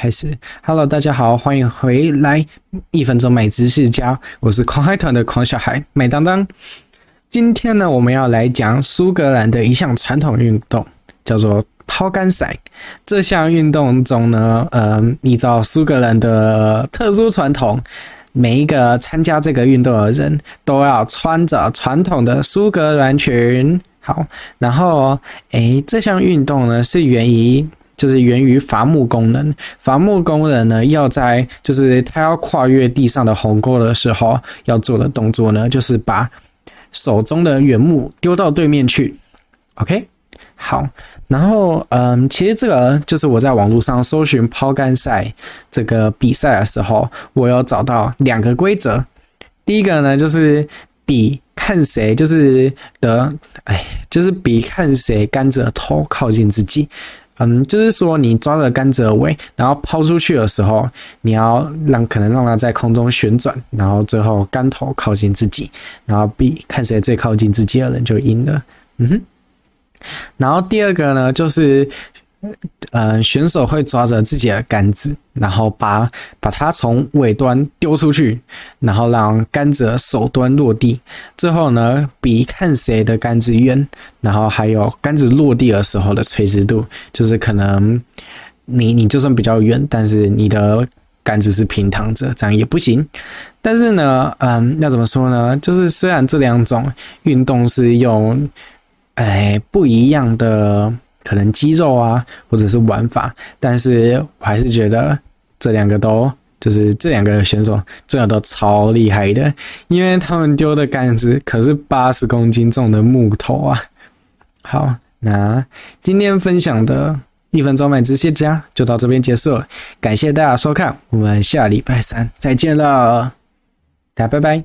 開始，Hello，大家好，歡迎回來！一分鐘麥知識家，我是狂海團的狂小孩麥當當。今天呢，我們要來講蘇格蘭的一項傳統運動，叫做拋桿賽。這項運動中呢，呃，依照蘇格蘭的特殊傳統，每一個參加這個運動的人都要穿着傳統的蘇格蘭裙。好，然後，哎，這項運動呢是源於。就是源於伐木工人，伐木工人呢要在就是他要跨越地上的鴻溝的時候要做的動作呢，就是把手中的原木丟到對面去。OK，好，然後嗯，其實這個就是我在網絡上搜尋拋竿賽這個比賽的時候，我有找到兩個規則。第一個呢就是比看誰就是得，哎，就是比看誰竿子頭靠近自己。嗯，就是說你抓着桿子的尾，然後拋出去的時候，你要讓可能讓它在空中旋轉，然後最後桿頭靠近自己，然後 B 看誰最靠近自己的人就贏了。嗯哼，然後第二個呢就是，嗯，選手會抓着自己的桿子，然後把把它從尾端丟出去，然後讓桿子首端落地。最後呢，比看誰的桿子遠，然後還有桿子落地的時候的垂直度，就是可能你你就算比較遠，但是你的桿子是平躺着，這樣也不行。但是呢，嗯，要怎麼說呢？就是雖然這兩種運動是用哎不一樣的。可能肌肉啊，或者是玩法，但是我還是覺得這兩個都，就是這兩個選手，真的都超厲害的，因為他們丟的桿子可是八十公斤重的木頭啊。好，那今天分享的一分鐘麥知識加就到這邊結束了，感謝大家收看，我們下禮拜三再見了，大家拜拜。